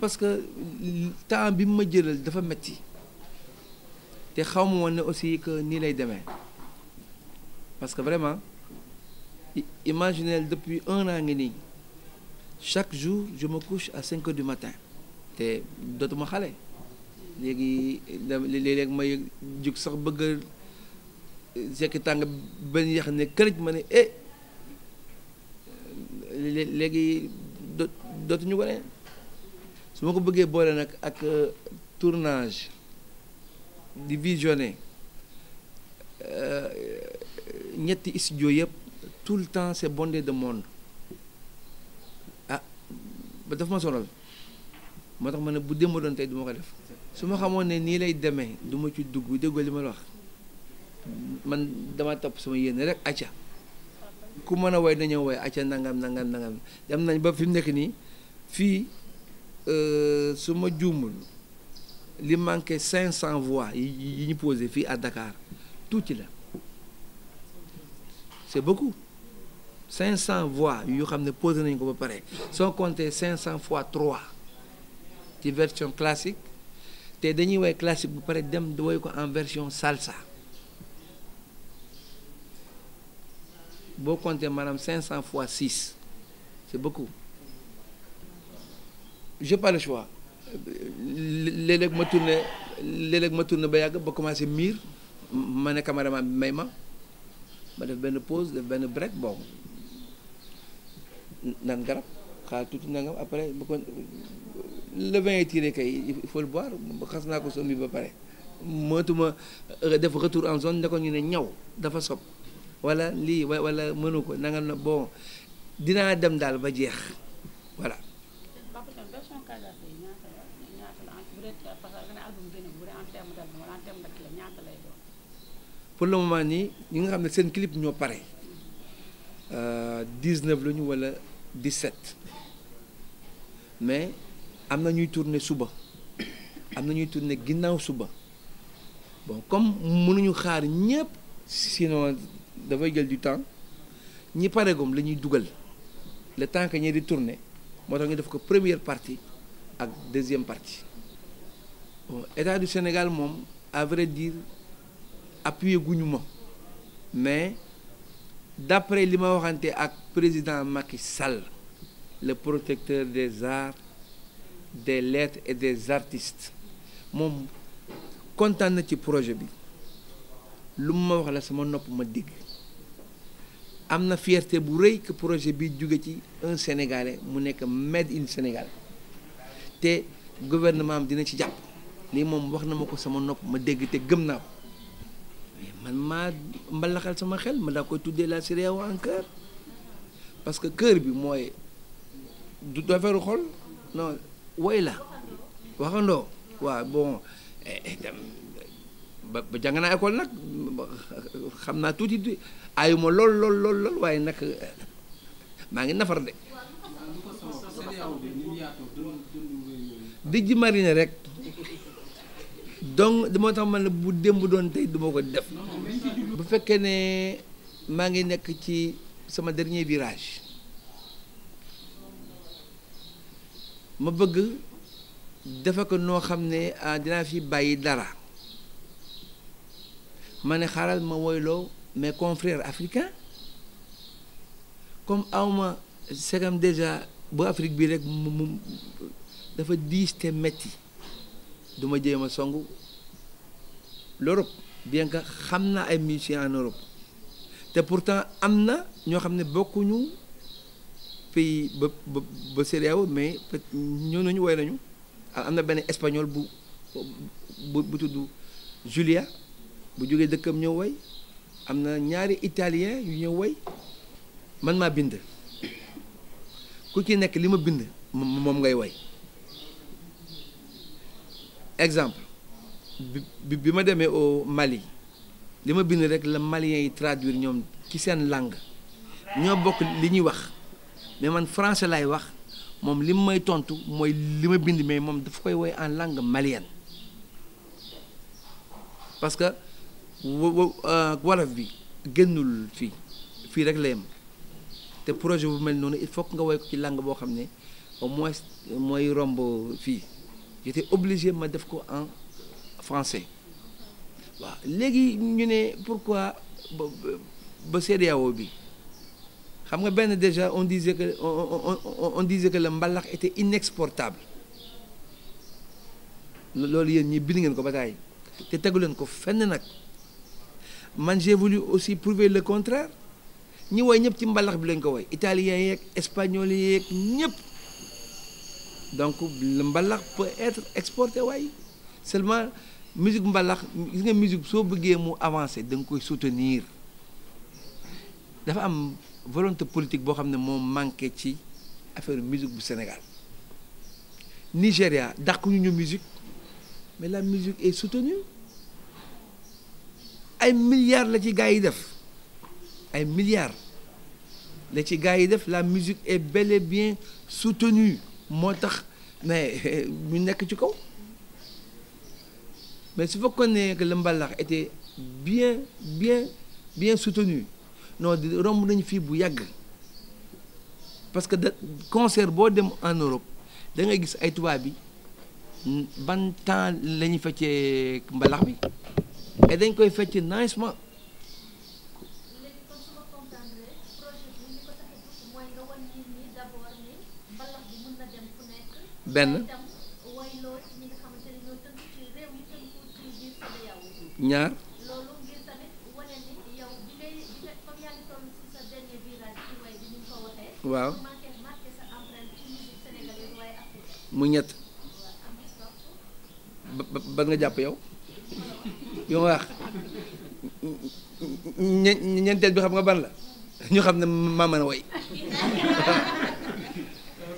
parce que temps bi mu ma jëlal dafa metti te xaw ma woon ne aussi que nii lay demee parce que vraiment imaginez depuis un an ngi nii chaque jour je me couche à cinq heures du matin te dootuma xale léegi da léeg-léeg may jug sax bëgg a sekki tàng benn yax ne kërëj ma ne eh léegi dootuñu ko ne su ma ko bëggee boole nag ak euh, tournage di visionner euh, ñetti studio yëpp tout le temps c'est bonde de monde ah ba daf ma sonal moo tax ma ne bu démb doon tey du ma ko def su ma xamoon ne nii lay demee duma ci dugg déggoo li ma la wax man dama topp sama yéene rek acca ku mën a way nañoo way acca nangam nangam nangam dem nañ ba fi mu nekk nii fii Euh, su ma juumul li manqué cinq cent voix yi yi ñu posé fii à Dakar tuuti la c'est beaucoup cinq cent voix yoo xam ne posé nañu ko ba pare soo compté cinq cent fois trois ci version classique te dañuy woy classique bu pare dem woy ko en version salsa boo compté maanaam cinq cent fois six c'est beaucoup j'ai pas le choix léeg-léeg ma tourné léeg-léeg ma tourné ba yàgg ba commencé miir ma ne caméraman bi may ma ma def benn pose def benn break bon naan garab xaar tuuti nangam après ba ko le vin est tiré kay il faut le boire xas naa ko sommi ba pare mootuma euh, def retour en zone ne ko ñu ne ñaw dafa sob wala lii wala mënu ko nangam na bon dinaa dem daal ba jeex voilà àllarba yi pour le moment nii ñi nga xam ne seen clip ñoo pare 19 la ñu wala 17 mais am na ñuy tourné suba am na ñuy tourné ginnaaw suba bon comme mënuñu xaar ñëpp sinon dafay jël du temps ñi pare gom la ñuy dugal le temps que ñee di tourné moo tax ñu def ko première partie ak deuxième partie bon état du Sénégal moom à diir dire appuyé guñu ma mais d'après li ma waxante ak président Macky Sall le protecteur des arts des lettres et des artistes moom kontaan na ci projet bi lu mu ma wax la sama nopp ma dégg am na fierte bu rëy que projet bi jóge ci un sénégalais mu nekk made in Sénégal te gouvernement am dina ci jàpp lii moom wax na ma ko sama nopp ma dégg te gëm naa ko man maa mbalaxal sama xel ma daa koy tuddee la CEDEAO en cœur parce que kër bi mooy du defaru xol non woy la waxandoo waaw bon eh, eh, ba jàng naa école nag xam naa tuuti ayuma lool lool lool waaye nag eh, maa ngi nafar de dijj marine rek donc moo tax man la bu démb doon tey du ko def bu fekkee ne maa ngi nekk ci sama dernier virage ma bëgg defe ko noo xam ne ah, dinaa fi bàyyi dara ma ne xaaral ma woyloo mais confrères africains comme awma segam déjà bu Afrique bi rek mu mu dafa diis te metti du ma jéem a songu l'Europe bien que xam na ay musiciens en Europe te pourtant am na ñoo xam ne bokkuñu pays ba ba ba CEDEAO mais ñëw nañu woy nañu ah, am na benn espagnol bu bu bu tudd Julia bu jógee dëkkam ñëw woy am na ñaari italien yu ñëw woy man maa bind ku ci nekk li ma bind moom ngay woy exemple bi bi ma demee au Mali li ma bind rek la maliens yi traduire ñoom ci seen langue ñoo bokk li ñuy wax mais man français lay wax moom li may tontu mooy li ma bind mais moom dafa koy woy en lang malienne parce que euh, wolof bi génnul fii fii rek la yem te projet bu mel noonu il faut que nga woy ko ci langue boo xam ne au moins mooy romb fii j'étais obligé ma def ko en français waaw léegi ñu ne pourquoi ba ba CEDEAO bi xam nga benn déjà on disait que la mbalax était inexportable loolu yéen ñi bind ngeen ko ba te tegu leen ko fenn nag man j'ai voulu aussi prouver le contraire ñi woy ñëpp ci mbalax bi lañ ko woy italiens yeeg espagnols yeeg ñëpp. donc mbalax peut être exporté waaye seulement musique mbalax gis nga musique soo bëggee mu avancé da nga koy soutenir dafa am volonté politique boo xam ne moo manqué ci affaire musique bu Sénégal Nigéria dàquñu ñu musique mais la musique est soutenue ay milliards la ci gars yi def ay milliards la ci gars yi def la musique est bel et bien soutenue moo tax mais ñu nekk ci kaw mais su fekkoon ne que le mbalax était bien bien bien soutenu non di romb nañu fii bu yàgg parce que da concert boo dem en Europe da ngay gis ay tubaab bi ban temps la ñuy feccee mbalax bi et dañ koy fecc nicement benn ñaar waaw mu ñett ba nga jàpp yow yow wax ñeenteel bi xam nga ban la ñu xam ne maa way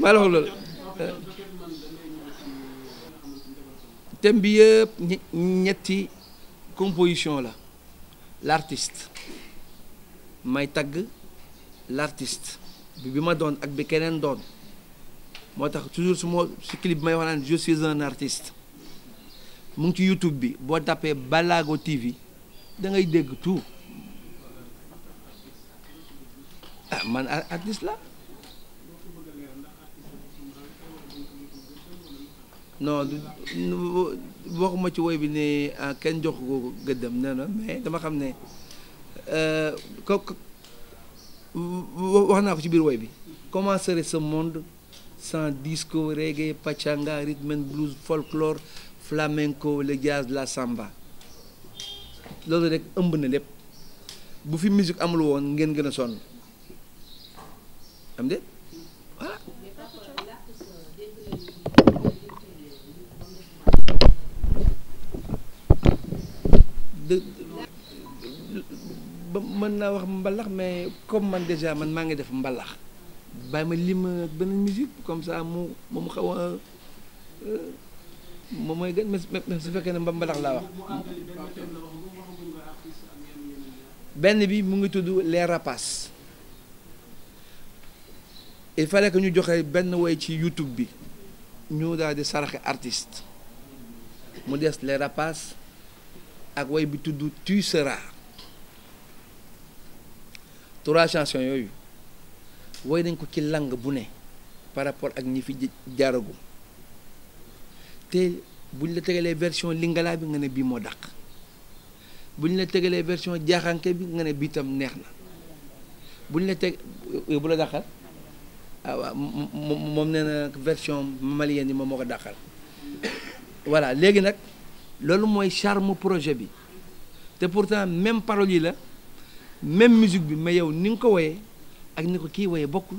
maa la thème bi yëpp ñetti composition la l'artiste may tagg l'artiste bi bi ma doon ak bi keneen doon moo tax toujours su ma si clip bi may wax naan je suis un artiste mu ngi ci YouTube bi boo tapee Balago TV dangay dégg tout ah man artiste la non waxuma ci woy bi ne ah, kenn jox ko gëddam nee na mais dama xam ne euh, ko wax naa ko ci biir woy bi comment serait ce monde sans disco reggae pachanga rhythm and blues folklore flamenco le jazz la samba loolu rek ëmb na lépp bu fi musique amul woon ngeen gën a sonn am de ba mën naa wax mbalax mais comme man déjà man maa ngi def mbalax bàyyi ma lim ak beneen musique comme ça mu mu xaw euh, moom mooy gën mais su fekkee ne mba mbalax laa wax. benn bi mu ngi tudd les rapaces il fallait que ñu joxe benn woy ci YouTube bi ñu daal di saraxe artiste mu des les rapaas ak way bi tudd tu seras trois chansons yooyu way nañ ko ci langue bu ne par rapport ak ñi fi jaaragum te buñ la tegalee version lingala bi nga ne bii moo dàq buñ la tegalee version jaaxanke bi nga ne bii tam neex na buñ la teg bu la dàqal ah, moom nee na version malienne yi moom moo ko dàqal voilà léegi nag. loolu mooy charme projet bi te pourtant même paroles yi la même musique bi mais yow ni nga ko woyee ak ni ko kii woyee bokkul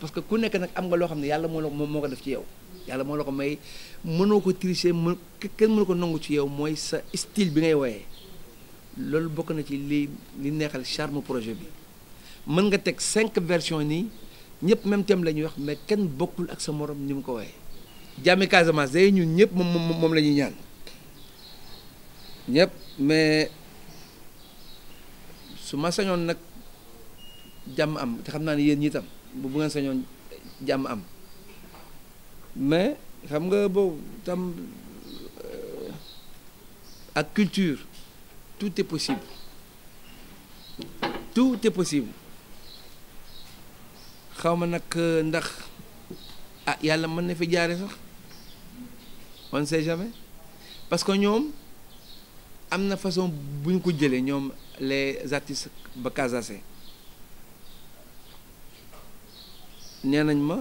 parce que ku nekk nag am nga loo xam ne yàlla moo la moom moo ko def ci yow yàlla moo la ko may mënoo ko tricher mën kenn mënu ko nangu ci yow mooy sa style bi ngay woyee loolu bokk na ci li li neexal charme projet bi mën nga teg cinq versions nii ñëpp même thème la ñuy wax mais kenn bokkul ak sa morom ni mu ko woyee jàmmi Casamance day ñun ñëpp moom moom la ñuy ñaan ñëpp mais su ma sañoon nag jàmm am te xam naa ne yéen ñi tam bu bu ngeen sañoon jàmm am mais xam nga boobu tam euh, ak culture tout est possible tout est possible xaw ma nag euh, ndax ah yàlla mën na fi jaare sax on ne sait jamais parce que ñoom. am na façon bu ñu ko jëlee ñoom les artistes ba Casase nee nañ ma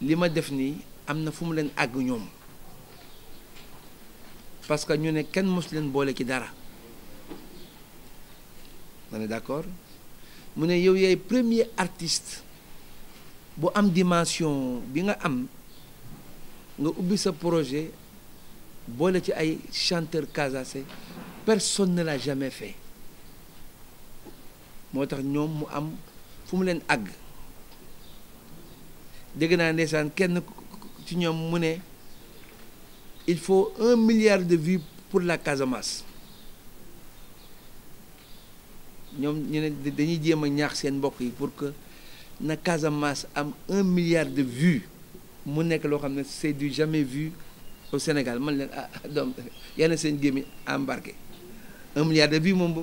li ma def nii am na fu mu leen àgg ñoom parce que ñu ne kenn mos boole ci dara ma ne d'accord mu ne yow yaay premier artist bu am dimension bi nga am nga ubbi sa projet boole ci ay chanteur casacé personne ne l'a jamais fait moo tax ñoom mu am fu mu leen àgg dégg naa ne ndeysaan kenn ci ñoom mu ne il faut un milliard de vues pour la Casamance ñoom ñu ne dañuy jéem a ñaax seen mbokk yi pour que na Casamance am un milliard de vues mu nekk loo xam ne c'est du jamais vu au Sénégal man leen ah, ah doom yàlla seen gémmiñ ambarke un milliard de bii moom bu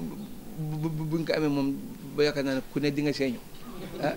bu bu buñ ko amee moom ba yaakaar naa ne ku ne di nga seeñu ah.